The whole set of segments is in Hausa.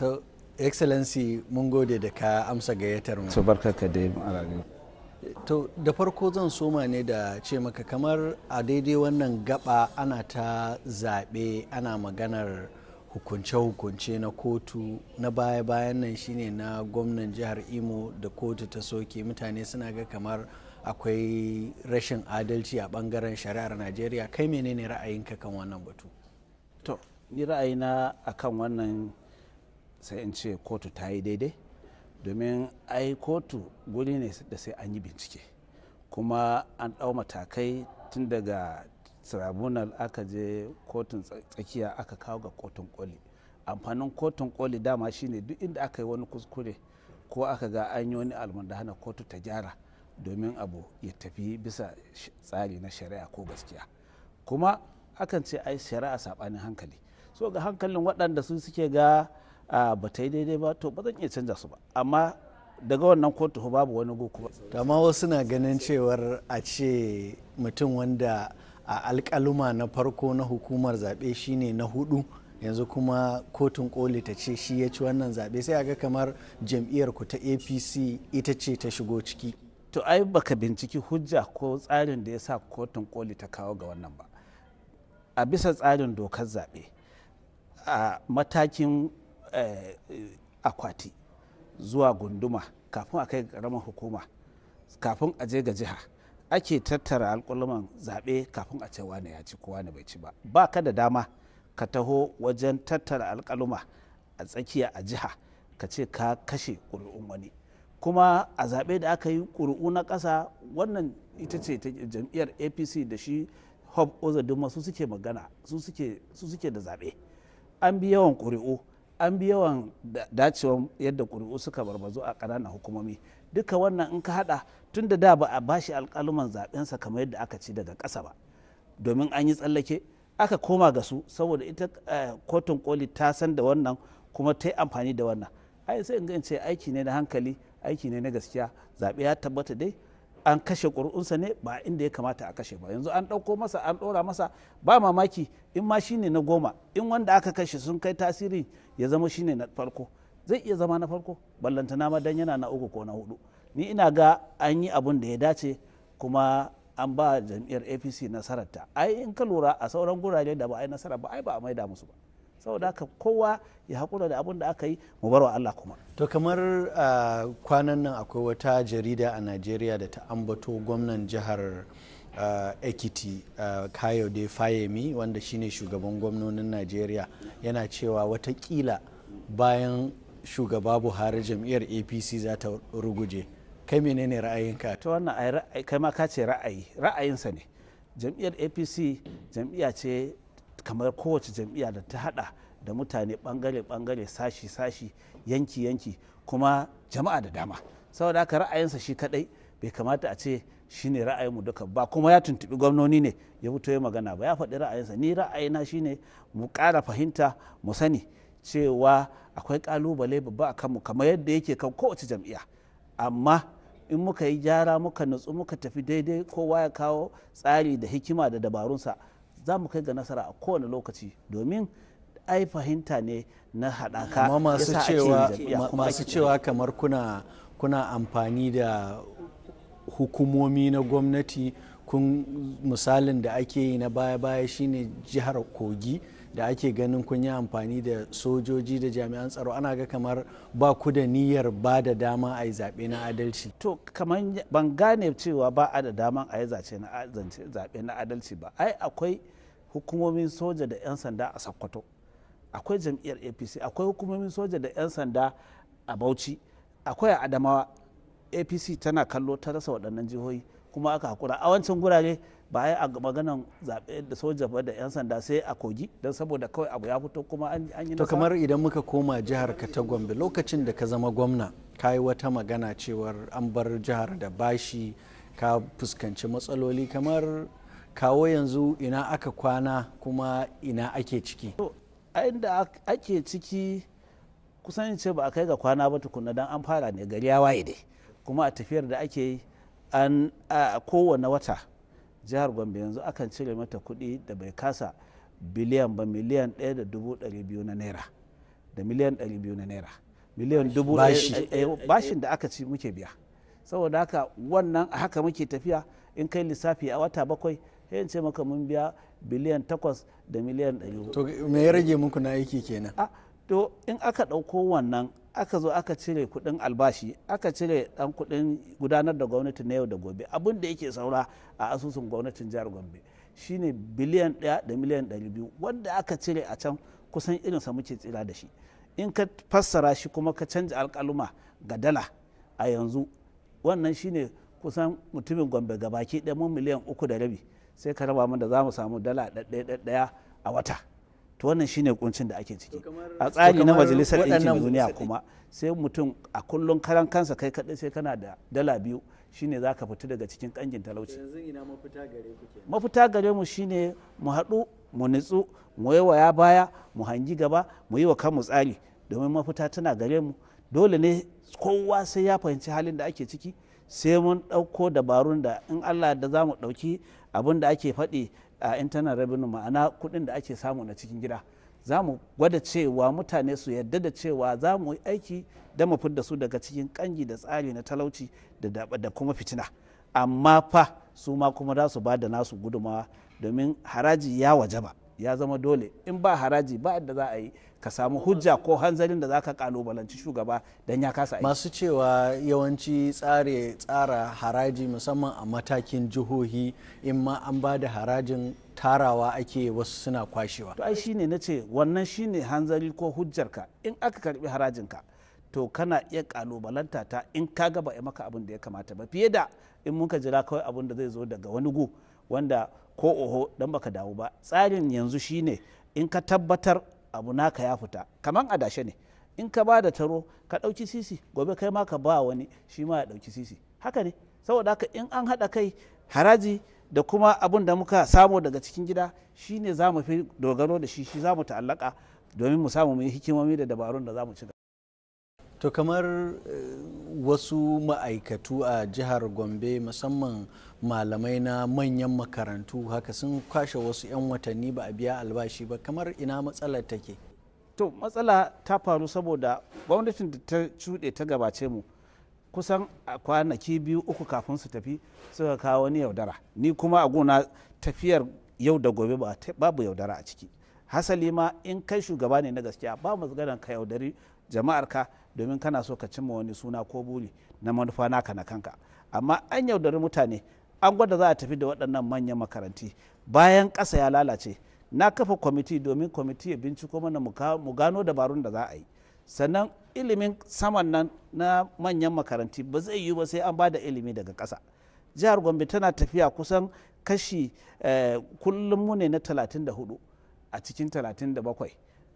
to excellency mun gode da ka amsa gayyatar mu so ka dai to da farko zan soma ne da ce maka kamar a daidai wannan gaba ana ta zaɓe ana maganar hukunce-hukunce na kotu na baya-bayan nan shine na gwamnan jihar imo da kotu ta soke mutane suna ga kamar akwai rashin adalci a bangaren shari'ar najeriya kai menene ra'ayinka kan wannan batu to ni ra'ayina akan wannan sai in ce kotu ta yi daidai domin ai kotu guri ne da sai an yi bincike kuma an ɗau matakai tun daga tribunal aka je kotun tsakiya aka kawo ga kotun koli amfanin kotun koli dama shine duk inda aka yi wani kuskure ko aka ga an yi wani hana kotu ta gyara domin abu ya tafi bisa tsari na shari'a ko gaskiya kuma akan ce ai shari'a saɓanin hankali so ga hankalin waɗanda su suke ga ba ta yi daidai ba to ba zan iya canza su ba amma daga wannan kotu babu wani goku ba amma wasu na ganin cewar a ce mutum wanda a alkaluma na farko na hukumar zaɓe shine na hudu yanzu kuma kotun koli ta ce shi ya ci wannan zaɓe sai a ga kamar jam'iyyar ku ta apc ita ce ta shigo ciki to ai baka binciki hujja ko tsarin da ya sa kotun koli ta kawo ga wannan ba a bisa tsarin dokar zaɓe a matakin Eh, akwati zuwa gunduma kafin a kai karamar hukuma kafin a je ga jiha ake tattara alƙuluman zaɓe kafin a ce wane ya ci kowa ne bai ci ba ba ka da dama ka taho wajen tattara alkaluma a tsakiya a jiha ka ce ka kashe ƙuri'un wani kuma a zaɓe da aka yi ƙuri'u na ƙasa wannan ita ce jam'iyyar apc da shi hob duma su suke magana su suke da zaɓe an bi yawan ƙuri'u an bi yawan dacewa yadda ƙuri'u suka barbazo a ƙananan hukumomi duka wannan in ka hada tun da da ba a bashi alƙaluman zaɓensa kamar yadda aka ci daga ƙasa ba domin an yi tsallake aka koma ga su saboda ita eh, kotun koli ta san da wannan kuma ta yi amfani da wannan ai sai in ce aiki ne na hankali aiki ne na gaskiya zaɓe ya tabbata dai an kashe ƙuri'unsa ne ba inda ya kamata a kashe ba yanzu an ɗauko masa an ɗora masa ba mamaki in ma shine na goma in wanda aka kashe sun kai tasiri ya zama shine na farko zai iya zama na farko ballantana ma dan yana na uku ko na hudu ni ina ga an yi abun da ya dace kuma an ba jam'iyyar apc nasararta ai in ka lura a sauran gurare da ba a nasara ba ai ba a maida musu ba saboda haka kowa ya haƙura da abin da aka yi mu bar wa Allah kuma to kamar kwanan nan akwai wata jarida a Najeriya da ta ambato gwamnan jihar Ekiti Kayode Fayemi wanda shine shugaban gwamnonin Najeriya yana cewa wata watakila bayan shugaba Buhari jam'iyyar APC za ta ruguje kai menene ra'ayinka to wannan kai ma ka ce ra'ayi ra'ayinsa ne jam'iyyar apc jam'iyya ce kamar kowace jam'iyya da ta hada da mutane bangare-bangare sashi-sashi yanki-yanki kuma jama'a da dama saboda haka ra'ayinsa shi kadai bai kamata a ce shine ne mu duka ba kuma ya tuntubi gwamnoni ne ya fito ya magana ba ya faɗi ra'ayinsa ni ra'ayina shine mu ƙara fahimta mu sani cewa akwai ƙalubale babba a kanmu kamar yadda yake kan kowace jam'iyya amma in muka yi gyara muka nutsu muka tafi daidai kowa ya kawo tsari da hikima da dabarunsa za mu kai ga nasara a kowane lokaci domin ai fahimta ne na haɗaka masu cewa kamar kuna amfani da hukumomi na gwamnati kun misalin da ake yi na baya-baya shine jihar kogi da ake ganin kun yi amfani da sojoji da jami'an tsaro ana ga kamar ba ku da niyyar ba da dama a yi zaɓe na adalci to kamar ban gane cewa ba a da daman a yi zaɓe na adalci ba ai akwai hukumomin soja da 'yan sanda a sakkwato akwai jam'iyyar apc akwai hukumomin soja da 'yan sanda a bauchi akwai a adamawa apc tana kallo ta rasa waɗannan jihohi kuma aka hakura a wancan gurare ba a maganan zaɓe da soja ba da 'yan sanda sai a kogi don saboda kawai abu ya fito kuma an yi to kamar idan muka koma jihar ka ta gombe lokacin da ka zama gwamna ka yi wata magana cewar an bar jihar da bashi ka fuskanci matsaloli kamar kawo yanzu ina aka kwana kuma ina ake ciki inda ake ciki kusan ce ba a kai ga kwana ba tukuna don an fara ne gari ya waye dai kuma a tafiyar da ake yi an a kowane wata jihar gombe yanzu akan cire mata kuɗi da bai kasa biliyan ba miliyan ɗaya da dubu ɗari biyu na naira da miliyan ɗari biyu na naira miliyan dubu eh, eh, bashin da aka ci muke biya saboda haka wannan haka muke tafiya in kai lissafi a wata bakwai sai ce maka mun biya biliyan takwas da miliyan ɗari to me ya rage muku na aiki kenan to in aka ɗauko wannan aka zo aka cire kudin albashi aka cire dan kudin gudanar da gwamnati na yau da gobe abin da yake saura a asusun gwamnatin jihar gombe shine biliyan daya da miliyan dari biyu wanda aka cire a can kusan irin irinsa muke tsira da shi in ka fassara shi kuma ka canja alkaluma ga dala a yanzu wannan shine kusan mutumin gombe gabaki ɗaya mu miliyan uku da rabi sai ka raba mun da za mu samu dala ɗaya a wata to wannan shine kuncin da ake ciki a tsari na majalisar ɗinkin duniya kuma sai mutum a kullum karan kansa kai kaɗai sai kana da dala biyu shine za ka fita daga cikin ƙangin talauci mafita gare mu shine mu haɗu mu nitsu mu yi waya baya mu hangi gaba mu yi wa kanmu tsari domin mafita tana gare mu dole ne kowa sai ya fahimci halin da ake ciki sai mun ɗauko dabarun da in allah da za mu ɗauki abin da ake faɗi a internal revenue ma'ana kuɗin da ake samu na cikin gida za mu gwada cewa mutane su yadda da cewa za mu yi aiki da mu fidda su daga cikin kangi da tsari na talauci da kuma fitina amma fa su ma kuma za su ba da nasu gudumawa domin haraji ya wajaba ya zama dole in ba haraji ba da za a yi ka samu hujja ko hanzarin da za ka kalubalanci shugaba don ya kasa aiki masu cewa yawanci tsare tsara haraji musamman a matakin jihohi in ma an ba da harajin tarawa ake wasu suna kwashewa to ai shine na ce wannan shine hanzari ko hujjarka in aka karbi harajinka to kana iya kalubalanta ta in ka gaba ya maka abin da ya kamata ba fiye da in muka jira kawai abin da zai zo daga wani gu wanda ko oho dan baka dawo ba tsarin yanzu shine in ka tabbatar abu naka ya fita kaman adashe ne in ka ba da taro ka dauki sisi gobe kai ma ka ba wani shi ma ya dauki sisi haka ne saboda haka in an hada kai haraji da kuma abun da muka samu daga cikin gida shi ne za mu fi dogaro da shi shi za mu ta'allaka domin mu samu mu yi hikimomi da dabarun da za mu ci to kamar eh, wasu ma'aikatu a jihar gombe musamman malamai na manyan makarantu haka sun kwashe wasu 'yan watanni ba a biya albashi ba kamar ina matsalar take to matsala ta faru saboda gwamnatin da ta cuɗe ta gabace mu kusan a kwanaki biyu uku kafin su tafi suka kawo wani yaudara ni kuma a gona tafiyar yau da gobe babu yaudara a ciki hasali ma in kai shugaba ne na gaskiya ba maganar ka yaudari jama'ar ka domin kana so ka cimma wani suna ko buri na manufa naka na kanka amma an yaudari mutane an gwada za a tafi da waɗannan manyan makaranti bayan ƙasa ya lalace na kafa kwamiti domin kwamiti ya binciko mana mu gano dabarun da za a yi sannan ilimin saman nan na manyan makaranti ba zai yiwu ba sai an ba da ilimi daga ƙasa jihar gombe tana tafiya kusan kashi eh, kullum mu ne na 34 a cikin 37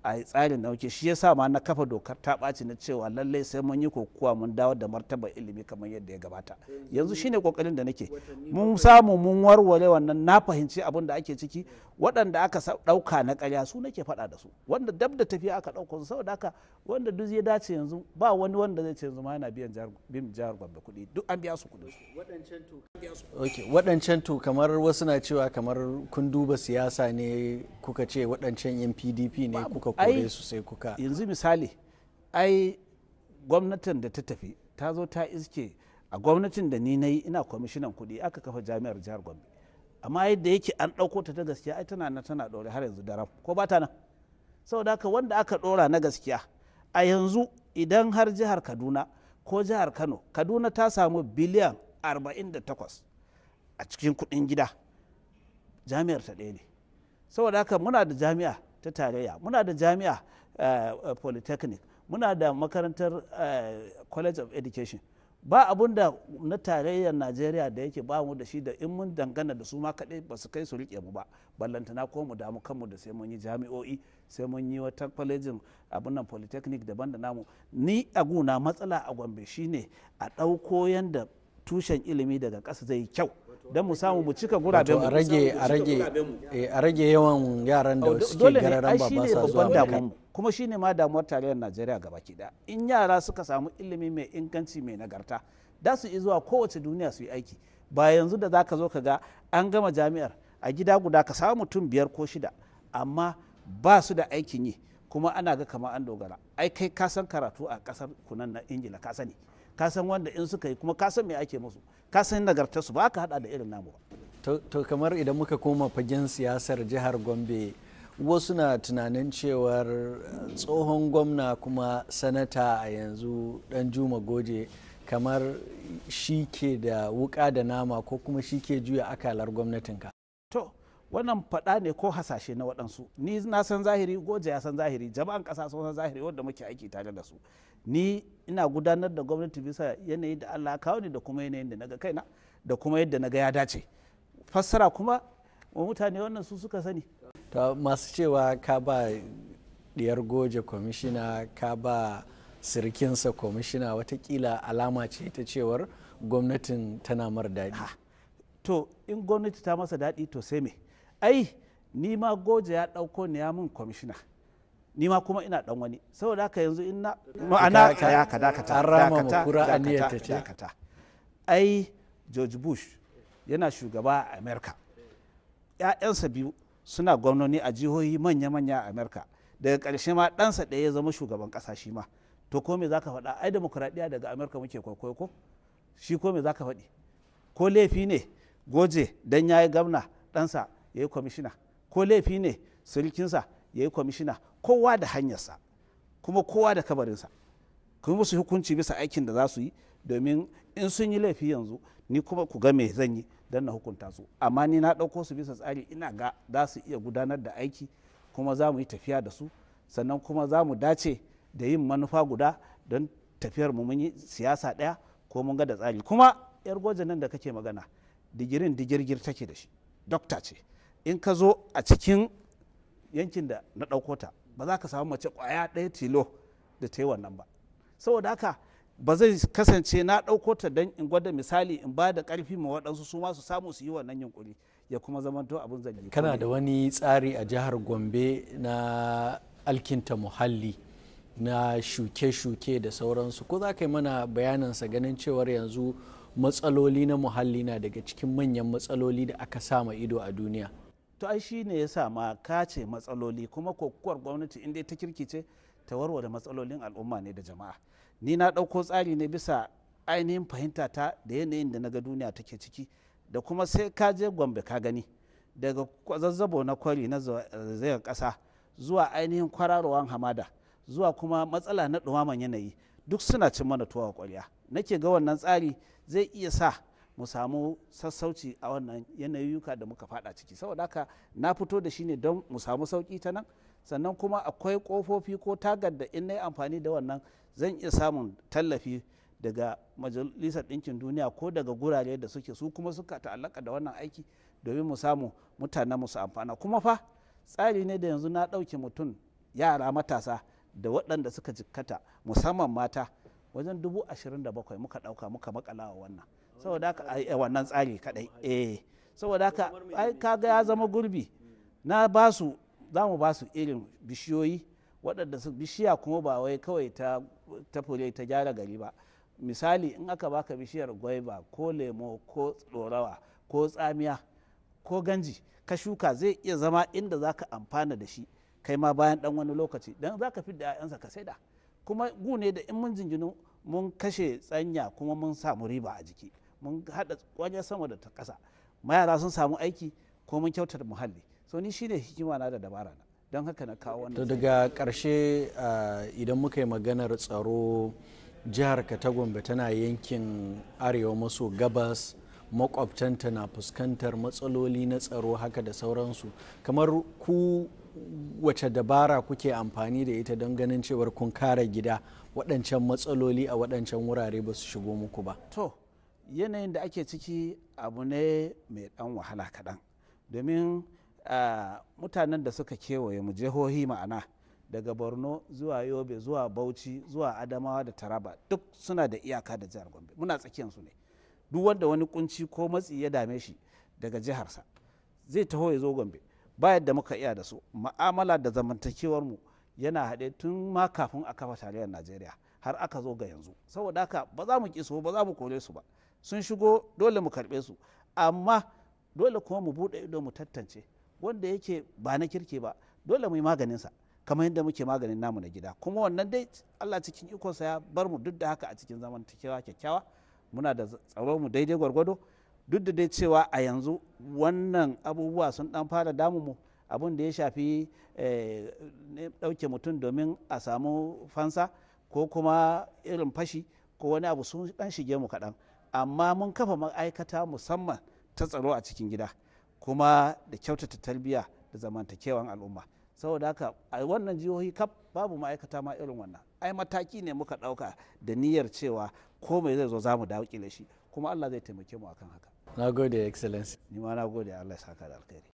a tsarin dauke shi yasa ma na kafa dokar ta ɓaci na cewa lallai sai mun yi kokuwa mun dawo da martaba ilimi kamar yadda ya gabata yanzu shine kokarin da nake mun samu mun warware wannan na fahimci abin da ake ciki waɗanda aka ɗauka na ƙarya su nake faɗa da su wanda dab da tafiya aka ɗauka su saboda haka wanda duk ya dace yanzu ba wani wanda zai ce yanzu ma yana biyan bin jihar gombe kuɗi duk an biya su kuɗi waɗancan to kamar wasu na cewa kamar kun duba siyasa ne kuka ce waɗancan yan pdp ne kuka kore su sai kuka yanzu misali ai gwamnatin da ta tafi ta zo ta iske a gwamnatin da ni na yi ina kwamishinan kuɗi aka kafa jami'ar jihar gombe amma yadda yake an ɗauko ta ta gaskiya ai tana nan tana ɗore har yanzu daram ko ba ta nan saboda haka wanda aka ɗora na gaskiya a yanzu idan har jihar kaduna ko jihar kano kaduna ta samu biliyan 48 a cikin kuɗin gida jami'ar ta ɗaya ne saboda haka muna da jami'a ta tarayya muna da jami'a eh, eh, polytechnic muna da makarantar eh, college of education ba abun da na tarayyar najeriya da yake ba mu da shi da in mun dangana da su ma kaɗai ba su kai su riƙe mu ba ballantana ko mu damu kanmu da sai mun yi jami'o'i sai mun yi wata kwalejin abin nan polytechnic daban da namu ni a guna matsala a gombe shine a ɗauko yanda tushen ilimi daga ƙasa zai yi kyau don mu samu mu cika gurabe mu eh, a rage yawan yaran da suke gararan ba ba sa kuma shi ne ma damuwar tarayyar najeriya gaba ɗaya in yara suka samu ilimi mai inganci mai nagarta da su yi zuwa kowace duniya su yi aiki ba yanzu da za ka zo ka ga an gama jami'ar a gida guda ka samu mutum biyar ko shida amma ba su da aikin yi kuma ana ga kamar an dogara ai kai ka san karatu a kasar kunan na ingila ka sani ka san wanda in suka yi kuma ka san me ake musu ka san su ba ka hada da irin namu ba to kamar idan muka koma fagen siyasar jihar gombe wasu na tunanin cewar eh, tsohon gwamna kuma sanata a yanzu dan juma goje kamar shi ke da wuka da nama ko kuma shi ke juya akalar gwamnatinka to wannan faɗa ne ko hasashe na waɗansu ni na san zahiri goje ya san zahiri jama'an ƙasa sun san zahiri wanda muke aiki tare da su ni ina gudanar da gwamnati bisa yanayi da allah kawo ni da kuma yanayin da naga kaina da kuma yadda naga ya dace fassara kuma mutane wannan su suka sani ta masu cewa ka ba diyar goje kwamishina ka ba sirkinsa kwamishina watakila alama ce ta cewar gwamnatin tana mara daɗi to in gwamnati ta masa daɗi to sai me ai ni ma goje ya ɗauko ni ya min kwamishina ni ma kuma ina ɗan wani saboda haka yanzu ina ma'ana ya ka dakata dakata dakata ai george bush yana shugaba a america ‘ya'yansa biyu suna gwamnoni a jihohi manya-manya a amurka daga ƙarshe ma ɗansa ɗaya ya zama shugaban ƙasa shi ma to ko me za ka faɗa ai demokuraɗiyya daga amurka muke kwaikwayo ko shi ko me za ka faɗi ko laifi ne goje dan ya yi gamna ɗansa ya yi kwamishina ko laifi ne sulkinsa ya yi kwamishina kowa da hanyarsa kuma kowa da kabarinsa kuma musu hukunci bisa aikin da za su yi domin in sun yi laifi yanzu ni kuma ku ga me zan yi don na hukunta su amma ni na ɗauko su bisa tsari ina ga za su iya gudanar da aiki kuma za mu yi tafiya da su sannan kuma za mu dace da yin manufa guda don tafiyar mu mun yi siyasa ɗaya ko mun ga da tsari kuma yar gwajin nan da kake magana digirin digirgir take da shi dokta ce in ka zo a cikin yankin da na ɗauko ta ba za ka samu mace kwaya ɗaya tilo da ta yi wannan ba saboda haka ba zai kasance na ɗauko ta don in gwada misali in ba da ƙarfi ma waɗansu su ma su samu su yi wannan yunƙuri ya kuma zamanto abin zargi kana da wani tsari a jihar gombe na alkinta muhalli na shuke-shuke da sauransu ko za ka yi mana bayanin sa ganin cewar yanzu matsaloli na muhalli na daga cikin manyan matsaloli da aka sa ma ido a duniya to ai shi ne ya sa ma kace matsaloli kuma kokuwar gwamnati inda ta kirkice ta warware matsalolin al'umma ne da jama'a ni na ɗauko tsari ne bisa ainihin fahimta ta da yanayin da na ga duniya take ciki da kuma sai ka je gombe ka gani daga zazzabo na kwari na zayen ƙasa zuwa ainihin kwararowar hamada zuwa kuma matsala na ɗumaman yanayi duk suna cin mana tuwa ƙwarya nake ga wannan tsari zai iya sa mu samu sassauci a wannan yanayuka da muka fada ciki saboda haka na fito da shi ne don mu samu sauki ta nan sannan kuma akwai kofofi ko tagar da in na yi amfani da wannan zan iya samun tallafi daga majalisar ɗinkin duniya ko daga gurare da suke su kuma suka ta'allaka da wannan aiki domin mu samu mutanen mu amfana kuma fa tsari ne da yanzu na ɗauke mutum yara matasa da waɗanda suka jikkata musamman mata wajen dubu ashirin da bakwai muka ɗauka muka makala wa wannan saboda haka wannan tsari kaɗai eh saboda haka ai kaga ya zama gurbi na basu za mu ba su irin bishiyoyi waɗanda su bishiya kuma ba wai kawai ta ta fure ta gyara gari ba misali in aka baka bishiyar gwaiba ko lemo ko tsorawa ko tsamiya ko ganji ka shuka zai iya zama inda za ka amfana da shi kai ma bayan ɗan wani lokaci don za ka fi da 'ya'yansa ka saida kuma gune da in mun jinjinu mun kashe tsanya kuma mun samu riba a jiki mun haɗa wajen sama da ta ƙasa mayara sun samu aiki ko mun kyautata muhalli so ni shine hikima na da dabara na don haka na kawo wannan daga karshe idan muka yi maganar tsaro jihar ka gombe tana yankin arewa maso gabas makwabtanta na fuskantar matsaloli na tsaro haka da sauransu kamar ku wace dabara kuke amfani da ita don ganin cewar kun kare gida waɗancan matsaloli a waɗancan wurare ba su shigo muku ba to yanayin da ake ciki abu ne mai ɗan wahala kaɗan domin mutanen da suka kewaye mu jihohi ma'ana daga borno zuwa yobe zuwa bauchi zuwa adamawa da taraba duk suna da iyaka da jihar gombe muna tsakiyar su ne duk wanda wani kunci ko matsi ya dame shi daga jiharsa zai taho ya zo gombe ba yadda muka iya da su ma'amala da zamantakewar mu yana haɗe tun ma kafin a kafa tarayyar najeriya har aka zo ga yanzu saboda haka ba za mu ƙi su ba za mu kore su ba sun shigo dole mu karɓe su amma dole kuma mu buɗe ido mu tantance wanda yake ba na kirki ba dole mu yi maganinsa kamar yadda muke maganin namu na gida kuma wannan dai Allah cikin ikonsa ya bar mu duk da haka a cikin zaman kyakkyawa muna da tsaron mu daidai gwargwado duk da dai cewa a yanzu wannan abubuwa sun dan fara damu mu abin da ya shafi eh, ɗauke mutum domin a samu fansa ko kuma irin fashi ko wani abu sun dan shige mu kaɗan amma mun kafa ma'aikata musamman ta tsaro a cikin gida kuma da kyautata talbiya da zamantakewan al'umma saboda haka a wannan jihohi kaf babu ma'aikata ma irin wannan ai mataki ne muka ɗauka da niyyar cewa ko komai zai zo za mu dawo shi kuma allah zai taimake mu akan haka na gode excellency ni ma na gode allah ya saka da alkhairi